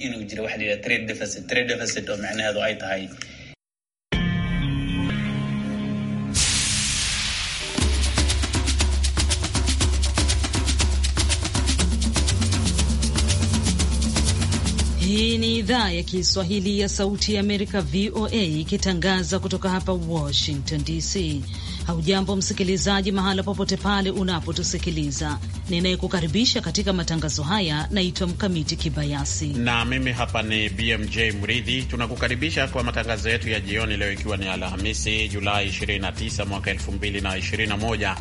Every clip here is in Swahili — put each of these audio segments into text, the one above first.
inuu jiro waxa la yidhaha trade deficit trade deficit oo macnaheedu ay tahay Hii ni idhaa ya Kiswahili ya Sauti ya Amerika, VOA, ikitangaza kutoka hapa Washington DC. Haujambo msikilizaji, mahala popote pale unapotusikiliza. Ninayekukaribisha katika matangazo haya naitwa Mkamiti Kibayasi na mimi hapa ni BMJ Mridhi. Tunakukaribisha kwa matangazo yetu ya jioni leo, ikiwa ni Alhamisi Julai 29 mwaka 2021.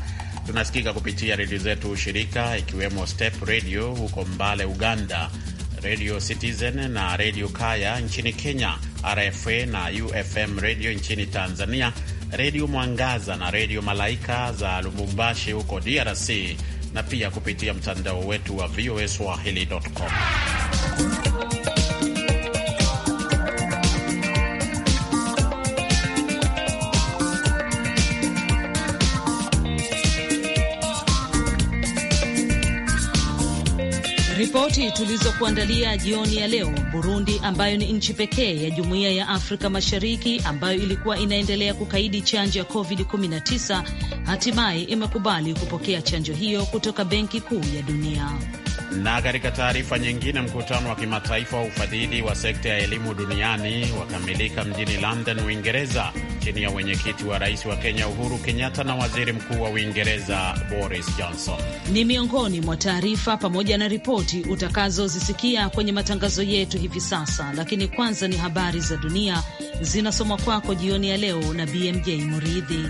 Tunasikika kupitia redio zetu shirika, ikiwemo Step Radio huko Mbale, Uganda, Radio Citizen na Radio Kaya nchini Kenya, RFA na UFM Radio nchini Tanzania Redio Mwangaza na Redio Malaika za Lubumbashi huko DRC na pia kupitia mtandao wetu wa VOA Swahili.com. Ripoti tulizokuandalia jioni ya leo, Burundi ambayo ni nchi pekee ya jumuiya ya Afrika Mashariki ambayo ilikuwa inaendelea kukaidi chanjo ya COVID-19 hatimaye imekubali kupokea chanjo hiyo kutoka Benki Kuu ya Dunia. Na katika taarifa nyingine, mkutano wa kimataifa wa ufadhili wa sekta ya elimu duniani wakamilika mjini London, Uingereza, chini ya wenyekiti wa rais wa Kenya Uhuru Kenyatta na waziri mkuu wa Uingereza Boris Johnson. Ni miongoni mwa taarifa pamoja na ripoti utakazozisikia kwenye matangazo yetu hivi sasa, lakini kwanza ni habari za dunia zinasomwa kwako jioni ya leo na BMJ Muridhi.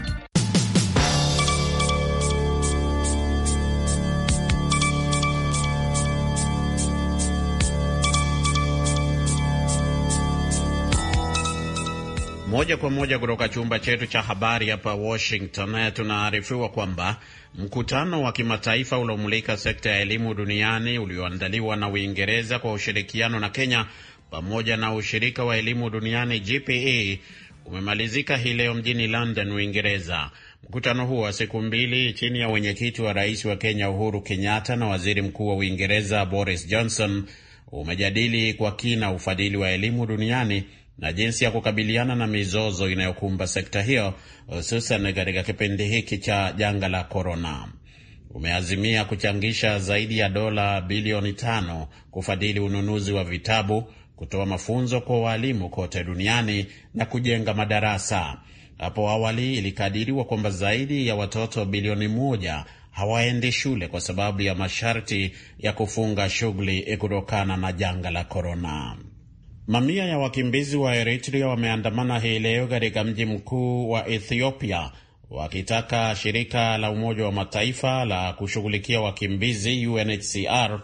Moja kwa moja kutoka chumba chetu cha habari hapa Washington, eh, tunaarifiwa kwamba mkutano wa kimataifa uliomulika sekta ya elimu duniani ulioandaliwa na Uingereza kwa ushirikiano na Kenya pamoja na ushirika wa elimu duniani GPE umemalizika hii leo mjini London, Uingereza. Mkutano huo wa siku mbili chini ya wenyekiti wa rais wa Kenya Uhuru Kenyatta na waziri mkuu wa Uingereza Boris Johnson umejadili kwa kina ufadhili wa elimu duniani na jinsi ya kukabiliana na mizozo inayokumba sekta hiyo, hususan katika kipindi hiki cha janga la korona. Umeazimia kuchangisha zaidi ya dola bilioni tano kufadhili ununuzi wa vitabu, kutoa mafunzo kwa waalimu kote duniani na kujenga madarasa. Hapo awali ilikadiriwa kwamba zaidi ya watoto bilioni moja hawaendi shule kwa sababu ya masharti ya kufunga shughuli kutokana na janga la korona. Mamia ya wakimbizi wa Eritrea wameandamana hii leo katika mji mkuu wa Ethiopia wakitaka shirika la Umoja wa Mataifa la kushughulikia wakimbizi UNHCR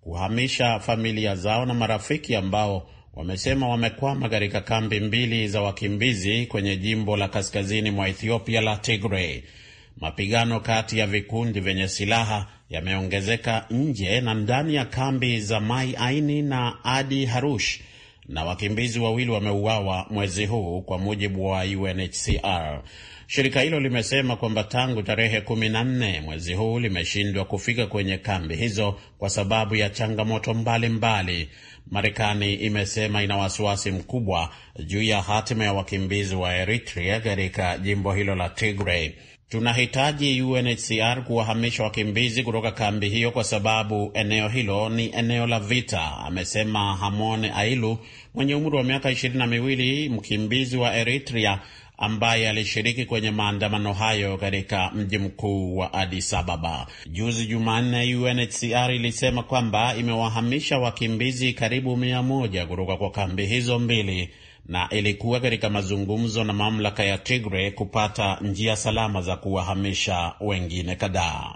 kuhamisha familia zao na marafiki ambao wamesema wamekwama katika kambi mbili za wakimbizi kwenye jimbo la kaskazini mwa Ethiopia la Tigray. Mapigano kati ya vikundi vyenye silaha yameongezeka nje na ndani ya kambi za Mai Aini na Adi Harush na wakimbizi wawili wameuawa mwezi huu kwa mujibu wa UNHCR. Shirika hilo limesema kwamba tangu tarehe kumi na nne mwezi huu limeshindwa kufika kwenye kambi hizo kwa sababu ya changamoto mbalimbali. Marekani imesema ina wasiwasi mkubwa juu ya hatima ya wakimbizi wa Eritrea katika jimbo hilo la Tigray. Tunahitaji UNHCR kuwahamisha wakimbizi kutoka kambi hiyo kwa sababu eneo hilo ni eneo la vita, amesema Hamon Ailu mwenye umri wa miaka ishirini na miwili, mkimbizi wa Eritrea ambaye alishiriki kwenye maandamano hayo katika mji mkuu wa Addis Ababa. Juzi Jumanne, UNHCR ilisema kwamba imewahamisha wakimbizi karibu mia moja kutoka kwa kambi hizo mbili na ilikuwa katika mazungumzo na mamlaka ya tigre kupata njia salama za kuwahamisha wengine kadhaa.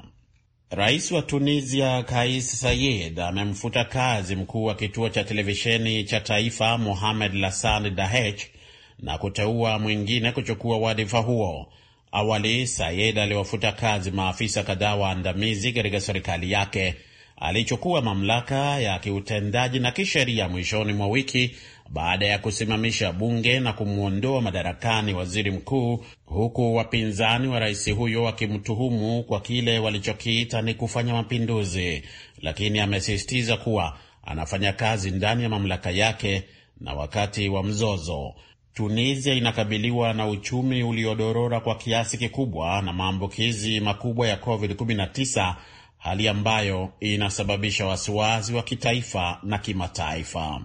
Rais wa Tunisia Kais Saied amemfuta kazi mkuu wa kituo cha televisheni cha taifa Mohamed Lassane Dahech na kuteua mwingine kuchukua wadhifa huo. Awali Saied aliwafuta kazi maafisa kadhaa waandamizi katika serikali yake alichukua mamlaka ya kiutendaji na kisheria mwishoni mwa wiki baada ya kusimamisha bunge na kumwondoa madarakani waziri mkuu, huku wapinzani wa rais huyo wakimtuhumu kwa kile walichokiita ni kufanya mapinduzi, lakini amesisitiza kuwa anafanya kazi ndani ya mamlaka yake na wakati wa mzozo. Tunisia inakabiliwa na uchumi uliodorora kwa kiasi kikubwa na maambukizi makubwa ya COVID-19 hali ambayo inasababisha wasiwasi wa kitaifa na kimataifa.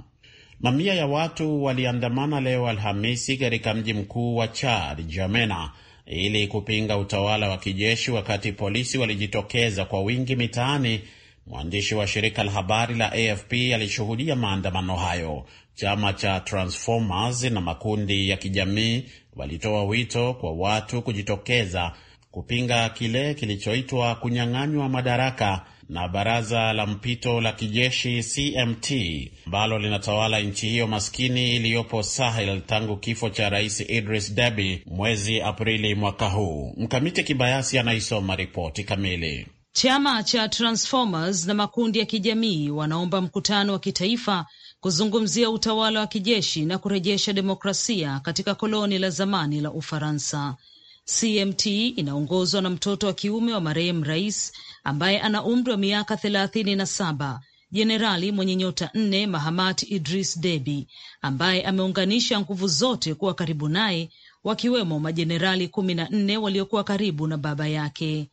Mamia ya watu waliandamana leo Alhamisi katika mji mkuu wa Chad, Jamena, ili kupinga utawala wa kijeshi, wakati polisi walijitokeza kwa wingi mitaani. Mwandishi wa shirika la habari la AFP alishuhudia maandamano hayo. Chama cha Transformers na makundi ya kijamii walitoa wito kwa watu kujitokeza kupinga kile kilichoitwa kunyang'anywa madaraka na baraza la mpito la kijeshi CMT ambalo linatawala nchi hiyo maskini iliyopo Sahel tangu kifo cha Rais Idris Deby mwezi Aprili mwaka huu. Mkamiti Kibayasi anaisoma ripoti kamili. Chama cha Transformers na makundi ya kijamii wanaomba mkutano wa kitaifa kuzungumzia utawala wa kijeshi na kurejesha demokrasia katika koloni la zamani la Ufaransa. CMT inaongozwa na mtoto wa kiume wa marehemu rais ambaye ana umri wa miaka thelathini na saba, jenerali mwenye nyota nne Mahamat Idris debi ambaye ameunganisha nguvu zote kuwa karibu naye, wakiwemo majenerali kumi na nne waliokuwa karibu na baba yake.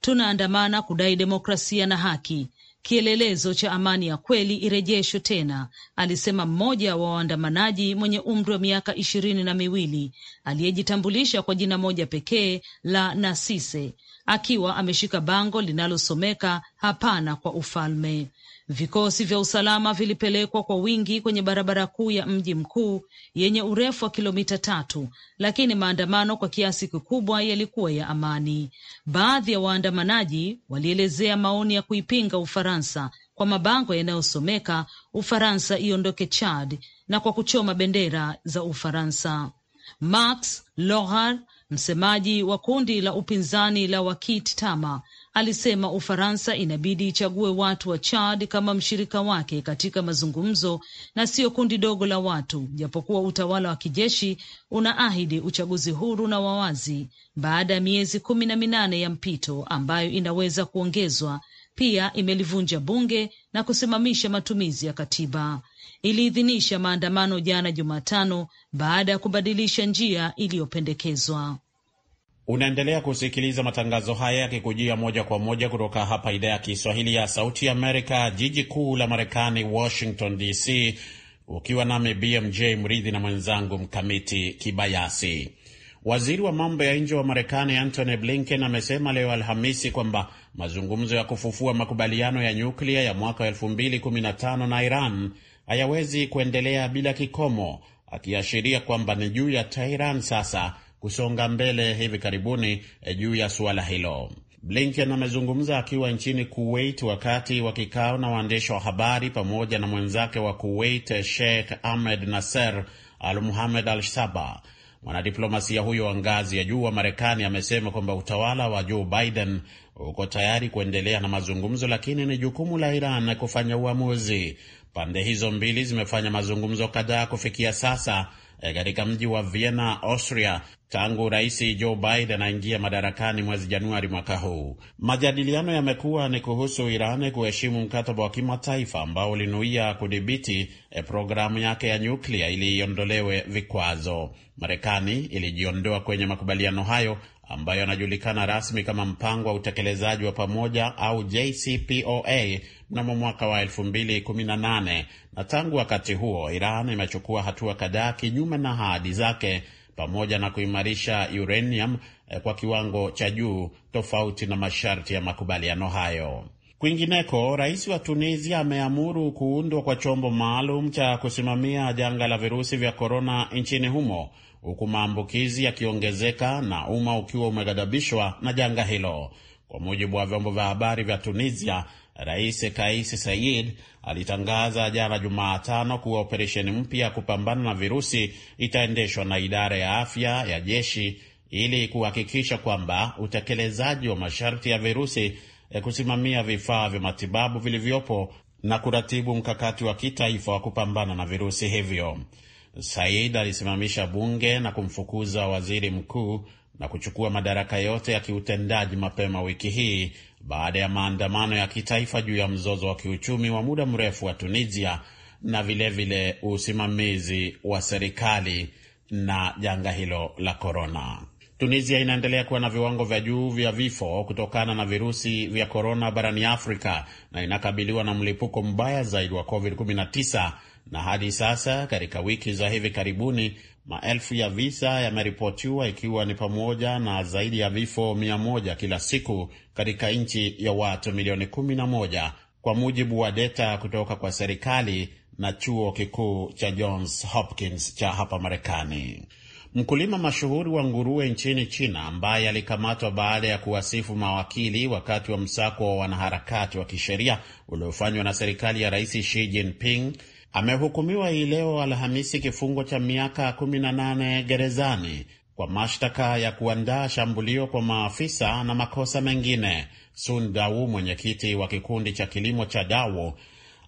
Tunaandamana kudai demokrasia na haki kielelezo cha amani ya kweli irejeshwe tena, alisema mmoja wa waandamanaji mwenye umri wa miaka ishirini na miwili aliyejitambulisha kwa jina moja pekee la Nasise akiwa ameshika bango linalosomeka hapana kwa ufalme. Vikosi vya usalama vilipelekwa kwa wingi kwenye barabara kuu ya mji mkuu yenye urefu wa kilomita tatu, lakini maandamano kwa kiasi kikubwa yalikuwa ya amani. Baadhi ya waandamanaji walielezea maoni ya kuipinga Ufaransa kwa mabango yanayosomeka Ufaransa iondoke Chad na kwa kuchoma bendera za Ufaransa. Max Lohar, Msemaji wa kundi la upinzani la Wakit Tama alisema Ufaransa inabidi ichague watu wa Chad kama mshirika wake katika mazungumzo na siyo kundi dogo la watu, japokuwa utawala wa kijeshi unaahidi uchaguzi huru na wawazi baada ya miezi kumi na minane ya mpito ambayo inaweza kuongezwa. Pia imelivunja bunge na kusimamisha matumizi ya katiba iliidhinisha maandamano jana Jumatano baada ya kubadilisha njia iliyopendekezwa. Unaendelea kusikiliza matangazo haya yakikujia moja kwa moja kutoka hapa idhaa ya Kiswahili ya Sauti ya Amerika, jiji kuu la Marekani, Washington DC, ukiwa nami BMJ Mridhi na mwenzangu Mkamiti Kibayasi. Waziri wa mambo ya nje wa Marekani Antony Blinken amesema leo Alhamisi kwamba mazungumzo ya kufufua makubaliano ya nyuklia ya mwaka 2015 na Iran hayawezi kuendelea bila kikomo, akiashiria kwamba ni juu ya Tehran sasa kusonga mbele hivi karibuni eh, juu ya suala hilo. Blinken amezungumza akiwa nchini Kuwait wakati wa kikao na waandishi wa habari pamoja na mwenzake wa Kuwait eh, Sheikh Ahmed Nasser Al Muhamed Al Saba. Mwanadiplomasia huyo wa ngazi ya juu wa Marekani amesema kwamba utawala wa Joe Biden uko tayari kuendelea na mazungumzo, lakini ni jukumu la Iran kufanya uamuzi. Pande hizo mbili zimefanya mazungumzo kadhaa kufikia sasa eh, katika mji wa Vienna, Austria, tangu Rais Joe Biden aingia madarakani mwezi Januari mwaka huu. Majadiliano yamekuwa ni kuhusu Iran kuheshimu mkataba wa kimataifa ambao ulinuia kudhibiti eh, programu yake ya nyuklia ili iondolewe vikwazo. Marekani ilijiondoa kwenye makubaliano hayo ambayo yanajulikana rasmi kama mpango wa utekelezaji wa pamoja au JCPOA mnamo mwaka wa 2018 na tangu wakati huo Iran imechukua hatua kadhaa kinyume na ahadi zake pamoja na kuimarisha uranium eh, kwa kiwango cha juu tofauti na masharti ya makubaliano hayo. Kwingineko, rais wa Tunisia ameamuru kuundwa kwa chombo maalum cha kusimamia janga la virusi vya korona nchini humo huku maambukizi yakiongezeka na umma ukiwa umeghadhabishwa na janga hilo. Kwa mujibu wa vyombo vya habari vya Tunisia, Rais Kais Saied alitangaza jana Jumatano kuwa operesheni mpya ya kupambana na virusi itaendeshwa na idara ya afya ya jeshi ili kuhakikisha kwamba utekelezaji wa masharti ya virusi Eh, kusimamia vifaa vya matibabu vilivyopo na kuratibu mkakati wa kitaifa wa kupambana na virusi hivyo. Said alisimamisha bunge na kumfukuza waziri mkuu na kuchukua madaraka yote ya kiutendaji mapema wiki hii baada ya maandamano ya kitaifa juu ya mzozo wa kiuchumi wa muda mrefu wa Tunisia na vilevile vile usimamizi wa serikali na janga hilo la korona. Tunisia inaendelea kuwa na viwango vya juu vya vifo kutokana na virusi vya korona barani Afrika na inakabiliwa na mlipuko mbaya zaidi wa COVID-19 na hadi sasa katika wiki za hivi karibuni maelfu ya visa yameripotiwa ikiwa ni pamoja na zaidi ya vifo mia moja kila siku katika nchi ya watu milioni kumi na moja kwa mujibu wa deta kutoka kwa serikali na chuo kikuu cha Johns Hopkins cha hapa Marekani. Mkulima mashuhuri wa nguruwe nchini China ambaye alikamatwa baada ya kuwasifu mawakili wakati wa msako wa wanaharakati wa kisheria uliofanywa na serikali ya Rais Xi Jinping amehukumiwa hii leo Alhamisi kifungo cha miaka 18 gerezani kwa mashtaka ya kuandaa shambulio kwa maafisa na makosa mengine. Sun Dau, mwenyekiti wa kikundi cha kilimo cha Dawo,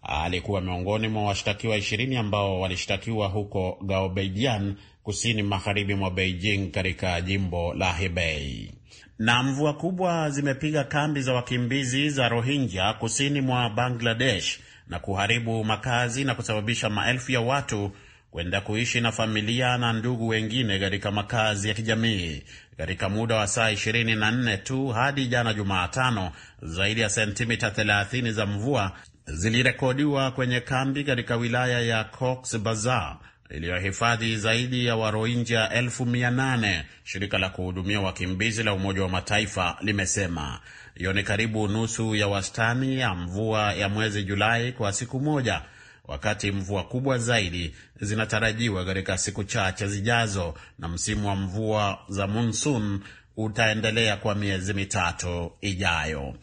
alikuwa miongoni mwa washtakiwa 20 ambao walishtakiwa huko Gaobeidian kusini magharibi mwa Beijing katika jimbo la Hebei. Na mvua kubwa zimepiga kambi za wakimbizi za Rohingya kusini mwa Bangladesh na kuharibu makazi na kusababisha maelfu ya watu kwenda kuishi na familia na ndugu wengine katika makazi ya kijamii. Katika muda wa saa 24 tu hadi jana Jumatano, zaidi ya sentimita 30 za mvua zilirekodiwa kwenye kambi katika wilaya ya Cox Bazar iliyohifadhi zaidi ya Warohinja elfu mia nane, shirika la kuhudumia wakimbizi la Umoja wa Mataifa limesema. Hiyo ni karibu nusu ya wastani ya mvua ya mwezi Julai kwa siku moja, wakati mvua kubwa zaidi zinatarajiwa katika siku chache zijazo, na msimu wa mvua za monsun utaendelea kwa miezi mitatu ijayo.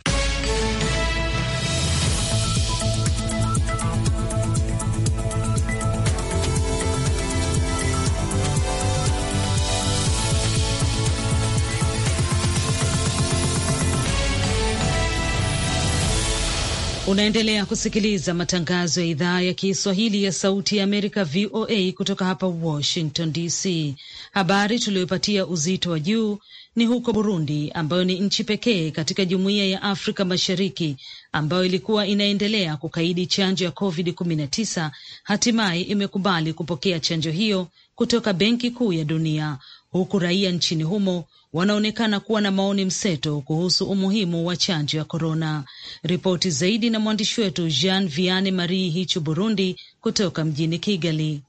Unaendelea kusikiliza matangazo ya idhaa ya Kiswahili ya Sauti ya Amerika, VOA, kutoka hapa Washington DC. Habari tuliyopatia uzito wa juu ni huko Burundi, ambayo ni nchi pekee katika Jumuiya ya Afrika Mashariki ambayo ilikuwa inaendelea kukaidi chanjo ya COVID-19, hatimaye imekubali kupokea chanjo hiyo kutoka Benki Kuu ya Dunia, huku raia nchini humo wanaonekana kuwa na maoni mseto kuhusu umuhimu wa chanjo ya korona. Ripoti zaidi na mwandishi wetu Jean Viane Marie Hichu Burundi, kutoka mjini Kigali.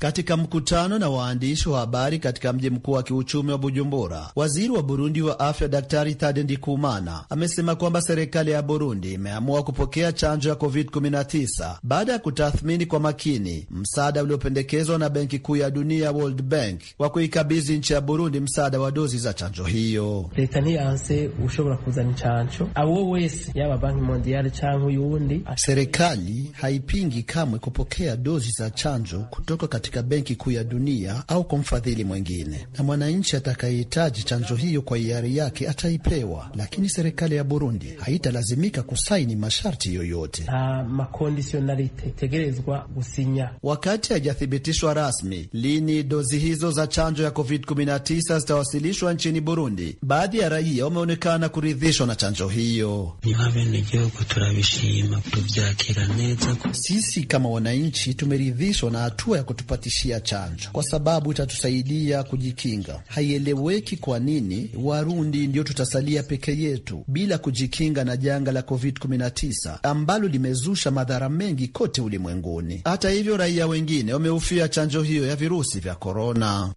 Katika mkutano na waandishi wa habari katika mji mkuu wa kiuchumi wa Bujumbura, waziri wa Burundi wa afya Daktari Thade Ndikumana amesema kwamba serikali ya Burundi imeamua kupokea chanjo ya COVID-19 baada ya kutathmini kwa makini msaada uliopendekezwa na Benki Kuu ya Dunia, World Bank, wa kuikabidhi nchi ya Burundi msaada wa dozi za chanjo hiyo. Serikali haipingi kamwe kupokea dozi za chanjo kutoka katika Benki Kuu ya Dunia au kwa mfadhili mwingine, na mwananchi atakayehitaji chanjo hiyo kwa hiari yake ataipewa, lakini serikali ya Burundi haitalazimika kusaini masharti yoyote ah, wakati hajathibitishwa rasmi lini dozi hizo za chanjo ya COVID-19 zitawasilishwa nchini Burundi. Baadhi ya raia wameonekana kuridhishwa na chanjo hiyo. Sisi kama wananchi tumeridhishwa na hatua ya kutupa kutupatishia chanjo kwa sababu itatusaidia kujikinga. Haieleweki kwa nini Warundi ndio tutasalia peke yetu bila kujikinga na janga la COVID-19 ambalo limezusha madhara mengi kote ulimwenguni. Hata hivyo, raia wengine wameufia chanjo hiyo ya virusi vya korona.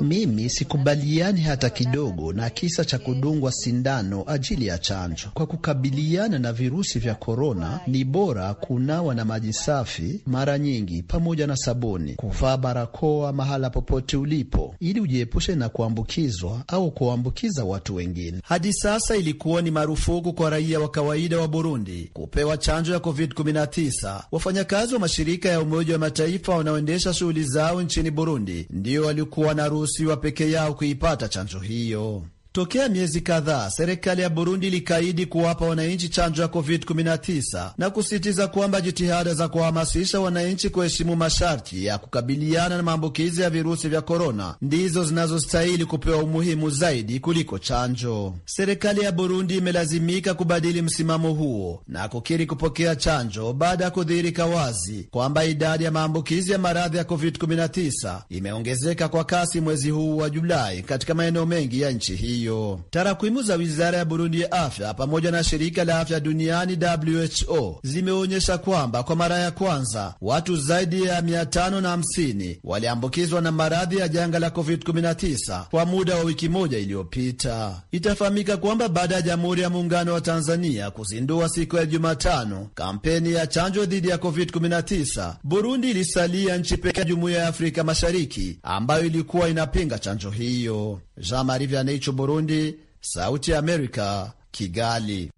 Mimi sikubaliani hata kidogo na kisa cha kudungwa sindano ajili ya chanjo. Kwa kukabiliana na virusi vya korona, ni bora kunawa na maji safi mara nyingi pamoja na sabuni, kuvaa barakoa mahala popote ulipo ili ujiepushe na kuambukizwa au kuwaambukiza watu wengine. Hadi sasa ilikuwa ni marufuku kwa raia wa kawaida wa Burundi kupewa chanjo ya COVID-19. Wafanyakazi wa mashirika ya Umoja wa Mataifa wanaoendesha shughuli zao nchini Burundi ndiyo walikuwa wanaruhusiwa peke yao kuipata chanjo hiyo. Tokea miezi kadhaa serikali ya Burundi ilikaidi kuwapa wananchi chanjo ya COVID-19 na kusitiza kwamba jitihada za kuhamasisha wananchi kuheshimu masharti ya kukabiliana na maambukizi ya virusi vya korona ndizo zinazostahili kupewa umuhimu zaidi kuliko chanjo. Serikali ya Burundi imelazimika kubadili msimamo huo na kukiri kupokea chanjo baada ya kudhihirika wazi kwamba idadi ya maambukizi ya maradhi ya COVID-19 imeongezeka kwa kasi mwezi huu wa Julai katika maeneo mengi ya nchi hii hiyo. Tarakwimu za wizara ya Burundi ya afya pamoja na shirika la afya duniani WHO zimeonyesha kwamba kwa mara ya kwanza watu zaidi ya 550 waliambukizwa na maradhi ya janga la COVID-19 kwa muda wa wiki moja iliyopita. Itafahamika kwamba baada ya Jamhuri ya Muungano wa Tanzania kuzindua siku ya Jumatano kampeni ya chanjo dhidi ya COVID-19, Burundi ilisalia nchi pekee ya Jumuiya ya Afrika Mashariki ambayo ilikuwa inapinga chanjo hiyo. Jean Marie Vianney Burundi Burundi, Sauti ya Amerika, Kigali.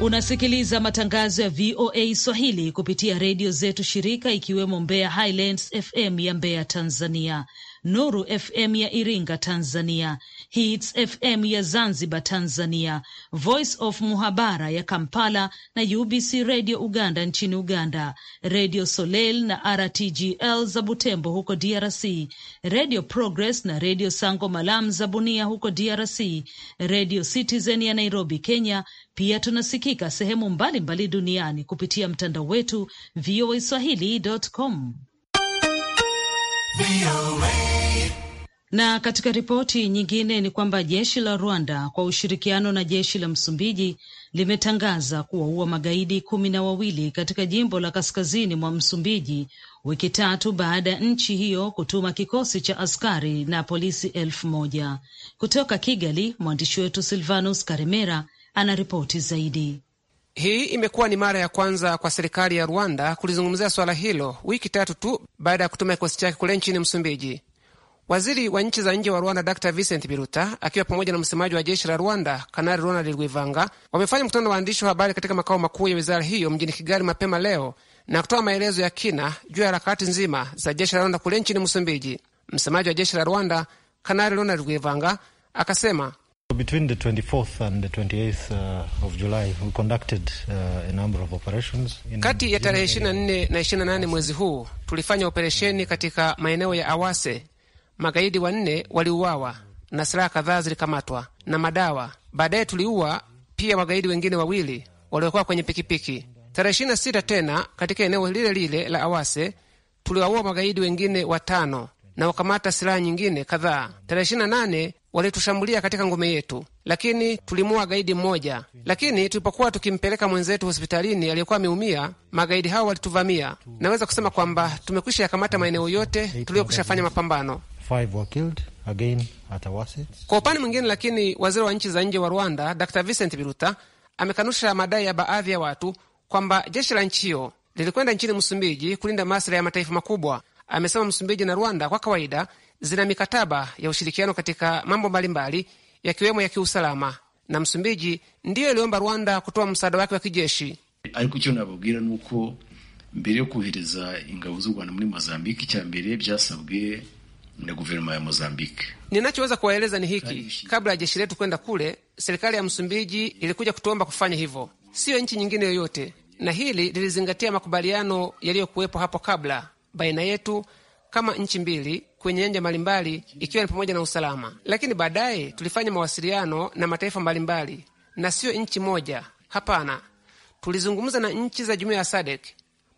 Unasikiliza matangazo ya VOA Swahili kupitia redio zetu shirika, ikiwemo Mbeya Highlands FM ya Mbeya, Tanzania, Nuru FM ya Iringa Tanzania, Hits FM ya Zanzibar Tanzania, Voice of Muhabara ya Kampala na UBC Radio Uganda nchini Uganda, Radio Soleil na RTGL za Butembo huko DRC, Radio Progress na Radio Sango Malam za Bunia huko DRC, Radio Citizen ya Nairobi Kenya. Pia tunasikika sehemu mbalimbali mbali duniani kupitia mtandao wetu swahili.com. Na katika ripoti nyingine ni kwamba jeshi la Rwanda kwa ushirikiano na jeshi la Msumbiji limetangaza kuwaua magaidi kumi na wawili katika jimbo la kaskazini mwa Msumbiji wiki tatu baada ya nchi hiyo kutuma kikosi cha askari na polisi elfu moja. Kutoka Kigali, mwandishi wetu Silvanus karimera ana ripoti zaidi. Hii imekuwa ni mara ya kwanza kwa serikali ya Rwanda kulizungumzia swala hilo wiki tatu tu baada ya kutuma kikosi chake kule nchini Msumbiji. Waziri wa nchi za nje wa Rwanda Dr Vincent Biruta akiwa pamoja na msemaji wa jeshi la Rwanda Kanali Ronald Rwivanga wamefanya mkutano na waandishi wa habari katika makao makuu ya wizara hiyo mjini Kigali mapema leo na kutoa maelezo ya kina juu ya harakati nzima za jeshi la Rwanda kule nchini Msumbiji. Msemaji wa jeshi la Rwanda Kanali Ronald Rwivanga akasema Between the 24th and the 28th uh, of July, we conducted uh, a number of operations. Kati ya tarehe 24 na 28 mwezi huu tulifanya operesheni katika maeneo ya Awase. Magaidi wanne waliuawa na silaha kadhaa zilikamatwa na madawa. Baadaye tuliua pia magaidi wengine wawili waliokuwa kwenye pikipiki. Tarehe 26 tena katika eneo lile lile la Awase tuliwaua magaidi wengine watano na wakamata silaha nyingine kadhaa. Tarehe 28 walitushambulia katika ngome yetu, lakini tulimua gaidi mmoja. Lakini tulipokuwa tukimpeleka mwenzetu hospitalini aliyekuwa ameumia, magaidi hao walituvamia. Naweza kusema kwamba tumekwisha yakamata maeneo yote tuliyokwisha fanya mapambano. Kwa upande mwingine, lakini waziri wa nchi za nje wa Rwanda Dr Vincent Biruta amekanusha madai ya baadhi ya watu kwamba jeshi la nchi hiyo lilikwenda nchini Msumbiji kulinda maslahi ya mataifa makubwa. Amesema Msumbiji na Rwanda kwa kawaida zina mikataba ya ushirikiano katika mambo mbalimbali yakiwemo ya kiusalama, na Msumbiji ndiyo iliomba Rwanda kutoa msaada wake wa kijeshi. ariko icyo nababwira uko mbere yo kohereza ingabo z'u Rwanda muri Mozambike mbere byasabwe na guverinoma ya Mozambike. Ninachoweza kuwaeleza ni hiki: kabla ya jeshi letu kwenda kule, serikali ya Msumbiji ilikuja kutuomba kufanya hivyo, siyo nchi nyingine yoyote, na hili lilizingatia makubaliano yaliyokuwepo hapo kabla baina yetu kama nchi mbili kwenye nyanja mbalimbali ikiwa ni pamoja na usalama, lakini baadaye tulifanya mawasiliano na mataifa mbalimbali na siyo nchi moja. Hapana, tulizungumza na nchi za jumuiya ya SADEK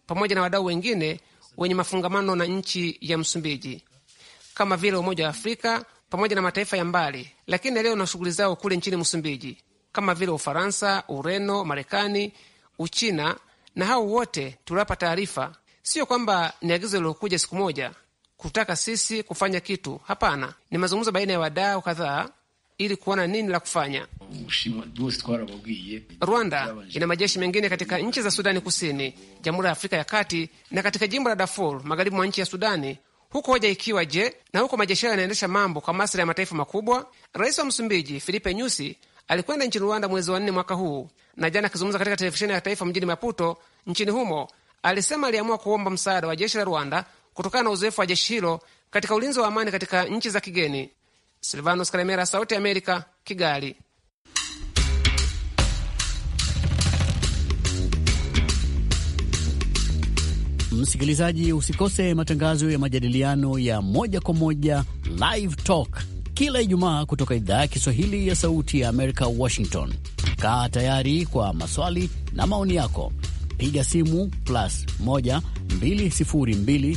pamoja na wadau wengine wenye mafungamano na nchi ya Msumbiji kama vile Umoja wa Afrika pamoja na mataifa ya mbali, lakini yaliyo na shughuli zao kule nchini Msumbiji kama vile Ufaransa, Ureno, Marekani, Uchina, na hao wote tuliwapa taarifa. Sio kwamba ni agizo lilokuja siku moja, kutaka sisi kufanya kitu. Hapana, ni mazungumzo baina ya wadau kadhaa ili kuona nini la kufanya. Rwanda ina majeshi mengine katika nchi za Sudani Kusini, Jamhuri ya Afrika ya Kati na katika jimbo la Darfur magharibi mwa nchi ya Sudani, huku hoja ikiwa je, na huko majeshi hayo yanaendesha mambo kwa maslahi ya mataifa makubwa. Rais wa Msumbiji Filipe Nyusi alikwenda nchini Rwanda mwezi wa nne mwaka huu, na jana akizungumza katika televisheni ya taifa mjini Maputo nchini humo, alisema aliamua kuomba msaada wa jeshi la Rwanda kutokana na uzoefu wa jeshi hilo katika ulinzi wa amani katika nchi za kigeni. Silvanos Kalemera, Sauti ya Amerika, Kigali. Msikilizaji, usikose matangazo ya majadiliano ya moja kwa moja Live Talk kila Ijumaa kutoka idhaa ya Kiswahili ya Sauti ya Amerika, Washington. Kaa tayari kwa maswali na maoni yako, piga simu plus 1 202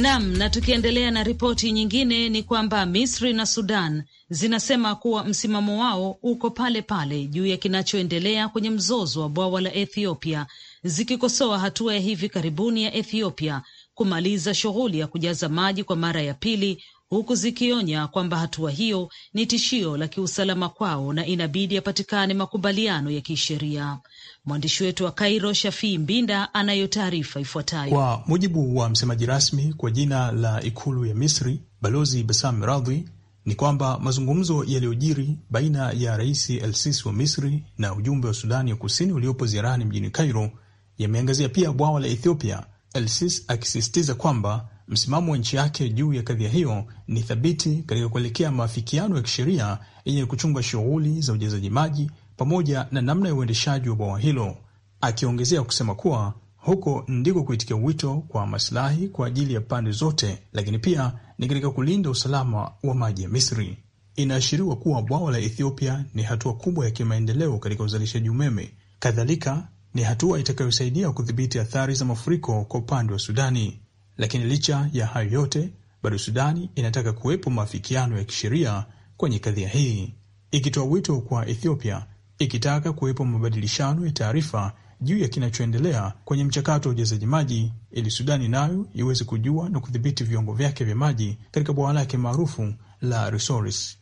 Nam, na tukiendelea na ripoti nyingine ni kwamba Misri na Sudan zinasema kuwa msimamo wao uko pale pale juu ya kinachoendelea kwenye mzozo wa bwawa la Ethiopia, zikikosoa hatua ya hivi karibuni ya Ethiopia kumaliza shughuli ya kujaza maji kwa mara ya pili, huku zikionya kwamba hatua hiyo ni tishio la kiusalama kwao na inabidi yapatikane makubaliano ya kisheria. Mwandishi wetu wa Kairo, Shafii Mbinda, anayo taarifa ifuatayo. Kwa mujibu wa msemaji rasmi kwa jina la ikulu ya Misri, Balozi Bassam Radhi, ni kwamba mazungumzo yaliyojiri baina ya Rais El Sisi wa Misri na ujumbe wa Sudani ya Kusini uliopo ziarani mjini Kairo yameangazia pia bwawa la Ethiopia el akisisitiza kwamba msimamo wa nchi yake juu ya kadhia hiyo ni thabiti katika kuelekea maafikiano ya kisheria yenye kuchunga shughuli za ujazaji maji pamoja na namna ya uendeshaji wa bwawa hilo, akiongezea kusema kuwa huko ndiko kuitikia wito kwa masilahi kwa ajili ya pande zote, lakini pia ni katika kulinda usalama wa maji ya Misri. Inaashiriwa kuwa bwawa la Ethiopia ni hatua kubwa ya kimaendeleo katika uzalishaji umeme. Kadhalika, ni hatua itakayosaidia kudhibiti athari za mafuriko kwa upande wa Sudani. Lakini licha ya hayo yote, bado Sudani inataka kuwepo maafikiano ya kisheria kwenye kadhia hii, ikitoa wito kwa Ethiopia, ikitaka kuwepo mabadilishano ya taarifa juu ya kinachoendelea kwenye mchakato wa ujazaji maji ili Sudani nayo iweze kujua na kudhibiti viwango vyake vya maji katika bwawa lake maarufu la Resource.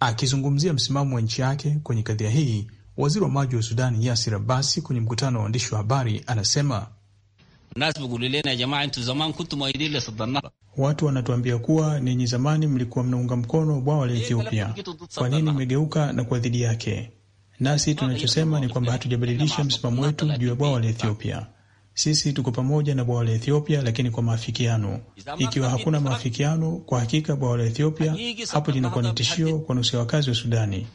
Akizungumzia msimamo wa nchi yake kwenye kadhia hii, Waziri wa maji wa Sudan Yasir Abasi kwenye mkutano wa waandishi wa habari anasema watu wanatuambia kuwa ninyi zamani mlikuwa mnaunga mkono bwawa la Ethiopia, kwa nini mmegeuka na kuwa dhidi yake? Nasi tunachosema ni kwamba hatujabadilisha msimamo wetu juu ya bwawa la Ethiopia. Sisi tuko pamoja na bwawa la Ethiopia, lakini kwa maafikiano. Ikiwa hakuna maafikiano, kwa hakika bwawa la Ethiopia hapo linakuwa ni tishio kwa nusu ya wakazi wa Sudani.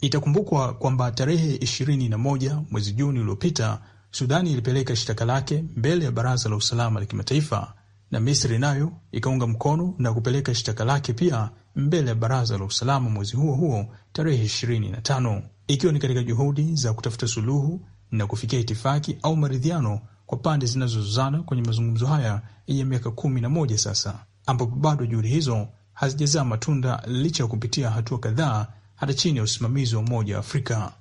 Itakumbukwa kwamba tarehe 21 mwezi Juni uliopita Sudani ilipeleka shtaka lake mbele ya Baraza la Usalama la Kimataifa, na Misri nayo ikaunga mkono na kupeleka shtaka lake pia mbele ya Baraza la Usalama mwezi huo huo tarehe 25, ikiwa ni katika juhudi za kutafuta suluhu na kufikia itifaki au maridhiano kwa pande zinazozozana kwenye mazungumzo haya ya miaka kumi na moja sasa, ambapo bado juhudi hizo hazijazaa matunda licha ya kupitia hatua kadhaa hata chini ya usimamizi wa Umoja wa Afrika.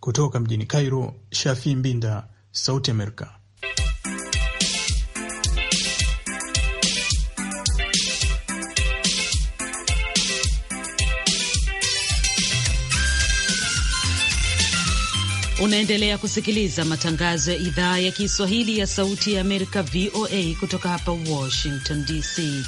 Kutoka mjini Cairo, Shafi Mbinda, Sauti Amerika. Unaendelea kusikiliza matangazo ya idhaa ya Kiswahili ya Sauti ya Amerika, VOA, kutoka hapa Washington DC.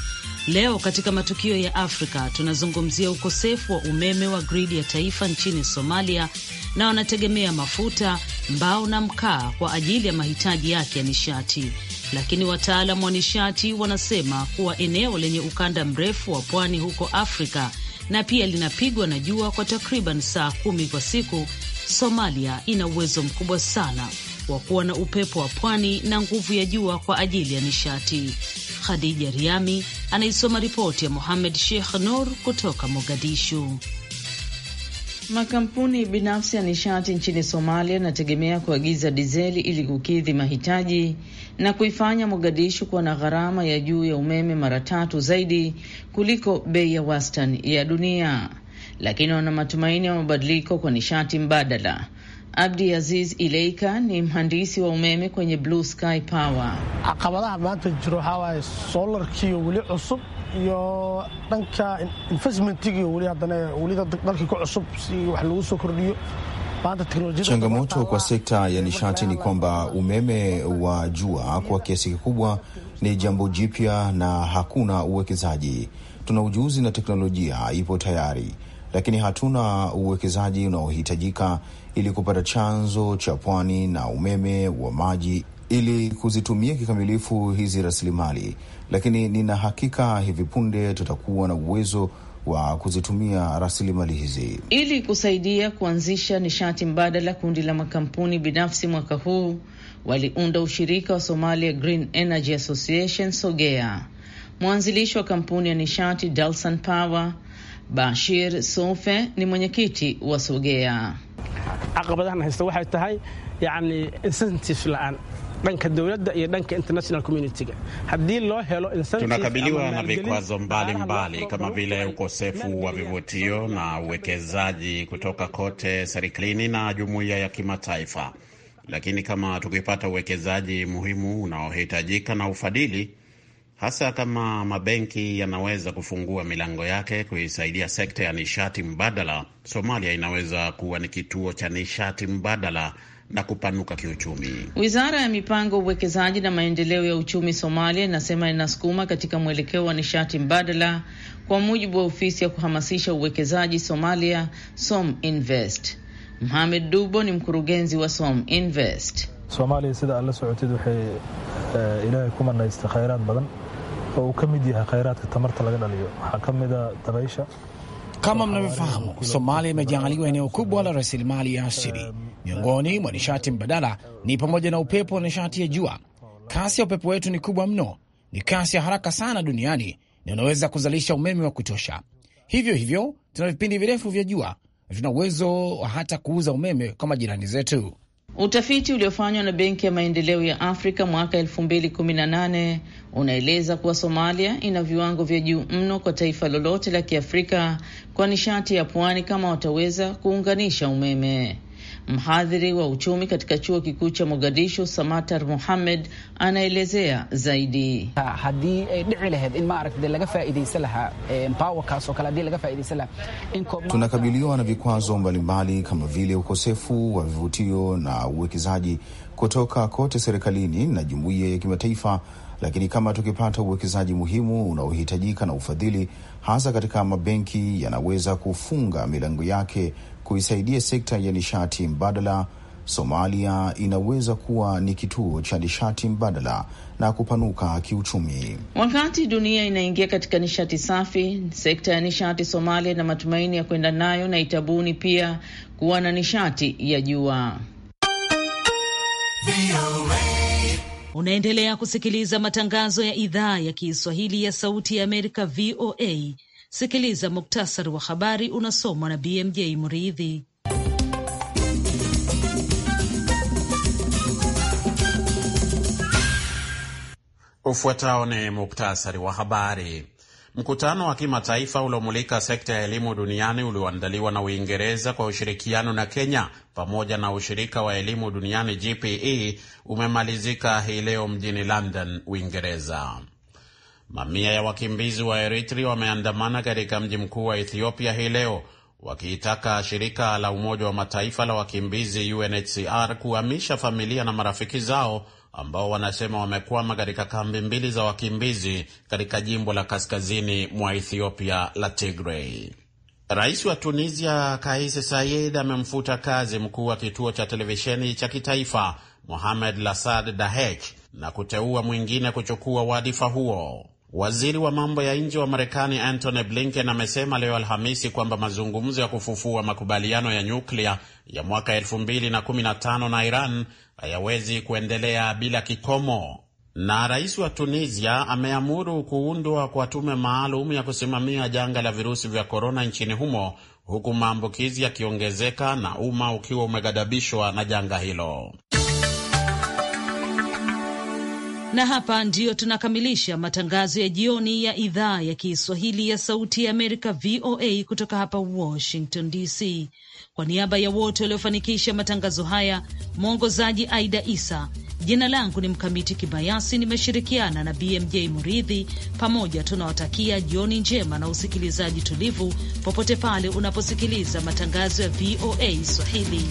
Leo katika matukio ya Afrika tunazungumzia ukosefu wa umeme wa gridi ya taifa nchini Somalia, na wanategemea mafuta, mbao na mkaa kwa ajili ya mahitaji yake ya nishati, lakini wataalamu wa nishati wanasema kuwa eneo lenye ukanda mrefu wa pwani huko Afrika na pia linapigwa na jua kwa takriban saa kumi kwa siku Somalia ina uwezo mkubwa sana wa kuwa na upepo wa pwani na nguvu ya jua kwa ajili ya nishati. Khadija Riami anaisoma ripoti ya Mohamed Sheikh Nur kutoka Mogadishu. Makampuni binafsi ya nishati nchini Somalia yanategemea kuagiza dizeli ili kukidhi mahitaji na kuifanya Mogadishu kuwa na gharama ya juu ya umeme mara tatu zaidi kuliko bei ya wastani ya dunia lakini wana matumaini ya mabadiliko kwa nishati mbadala. Abdi Aziz Ileika ni mhandisi wa umeme kwenye Blue Sky Power. aqabadaha maanta jiro waxaa waaye solarkii weli cusub iyo dhanka investmentigii weli haddana welida dalkii ku cusub si wax lagu soo kordhiyo Changamoto kwa sekta ya nishati ni kwamba umeme wa jua kwa kiasi kikubwa ni jambo jipya na hakuna uwekezaji. Tuna ujuzi na teknolojia ipo tayari, lakini hatuna uwekezaji unaohitajika ili kupata chanzo cha pwani na umeme wa maji ili kuzitumia kikamilifu hizi rasilimali, lakini nina hakika hivi punde tutakuwa na uwezo wa kuzitumia rasilimali hizi ili kusaidia kuanzisha nishati mbadala. Kundi la makampuni binafsi mwaka huu waliunda ushirika wa Somalia Green Energy Association, SOGEA. Mwanzilishi wa kampuni ya nishati Dalsan Power Bashir Sufe ni mwenyekiti wa Sogea. caqabadahan haysta waxay tahay yani incentive la-aan dhanka dowladda iyo dhanka international community-ga haddii loo helo incentive, tunakabiliwa na vikwazo mbalimbali kama vile ukosefu wa vivutio na uwekezaji kutoka kote serikalini na jumuiya ya kimataifa, lakini kama tukipata uwekezaji muhimu unaohitajika na ufadhili hasa kama mabenki yanaweza kufungua milango yake kuisaidia sekta ya nishati mbadala, Somalia inaweza kuwa ni kituo cha nishati mbadala na kupanuka kiuchumi. Wizara ya Mipango, Uwekezaji na Maendeleo ya Uchumi Somalia inasema inasukuma katika mwelekeo wa nishati mbadala, kwa mujibu wa ofisi ya kuhamasisha uwekezaji Somalia, Som Invest. Mohamed Dubo ni mkurugenzi wa Som Invest. Somalia sida alla socotid waxay eh, eh, ilaahay ku manaysta khayraad badan oo uu ka mid yahay khayraadka tamarta laga dhaliyo waxaa ka a dabaysha. Kama mnavyofahamu, Somalia imejaliwa eneo kubwa la rasilimali ya asili. Miongoni mwa nishati mbadala ni pamoja na upepo wa nishati ya jua. Kasi ya upepo wetu ni kubwa mno, ni kasi ya haraka sana duniani na unaweza kuzalisha umeme wa kutosha. Hivyo hivyo, tuna vipindi virefu vya jua, tuna uwezo wa hata kuuza umeme kwa majirani zetu. Utafiti uliofanywa na Benki ya Maendeleo ya Afrika mwaka 218 unaeleza kuwa Somalia ina viwango vya juu mno kwa taifa lolote la Kiafrika kwa nishati ya pwani kama wataweza kuunganisha umeme. Mhadhiri wa uchumi katika chuo kikuu cha Mogadishu, Samatar muhammed anaelezea zaidi. Ah, eh, eh, Tunakabiliwa na vikwazo mbalimbali kama vile ukosefu wa vivutio na uwekezaji kutoka kote serikalini na jumuiya ya kimataifa, lakini kama tukipata uwekezaji muhimu unaohitajika na ufadhili, hasa katika mabenki, yanaweza kufunga milango yake kuisaidia sekta ya nishati mbadala. Somalia inaweza kuwa ni kituo cha nishati mbadala na kupanuka kiuchumi. Wakati dunia inaingia katika nishati safi, sekta ya nishati Somalia ina matumaini ya kwenda nayo na itabuni pia kuwa na nishati ya jua. Unaendelea kusikiliza matangazo ya idhaa ya Kiswahili ya Sauti ya Amerika, VOA Sikiliza muktasari wa habari unasomwa na BMJ Mridhi. Ufuatao ni muktasari wa habari. Mkutano wa kimataifa uliomulika sekta ya elimu duniani ulioandaliwa na Uingereza kwa ushirikiano na Kenya pamoja na ushirika wa elimu duniani GPE umemalizika hii leo mjini London, Uingereza. Mamia ya wakimbizi wa Eritrea wameandamana katika mji mkuu wa Ethiopia hii leo wakiitaka shirika la Umoja wa Mataifa la wakimbizi UNHCR kuhamisha familia na marafiki zao ambao wanasema wamekwama katika kambi mbili za wakimbizi katika jimbo la kaskazini mwa Ethiopia la Tigray. Rais wa Tunisia Kais Saied amemfuta kazi mkuu wa kituo cha televisheni cha kitaifa Mohamed Lasad Dahech na kuteua mwingine kuchukua wadhifa huo. Waziri wa mambo ya nje wa Marekani Antony Blinken amesema leo Alhamisi kwamba mazungumzo ya kufufua makubaliano ya nyuklia ya mwaka 2015 na Iran hayawezi kuendelea bila kikomo. Na rais wa Tunisia ameamuru kuundwa kwa tume maalum ya kusimamia janga la virusi vya korona nchini humo huku maambukizi yakiongezeka na umma ukiwa umegadabishwa na janga hilo. Na hapa ndiyo tunakamilisha matangazo ya jioni ya idhaa ya Kiswahili ya Sauti ya Amerika, VOA, kutoka hapa Washington DC. Kwa niaba ya wote waliofanikisha matangazo haya, mwongozaji Aida Isa, jina langu ni Mkamiti Kibayasi, nimeshirikiana na BMJ Muridhi. Pamoja tunawatakia jioni njema na usikilizaji tulivu, popote pale unaposikiliza matangazo ya VOA Swahili.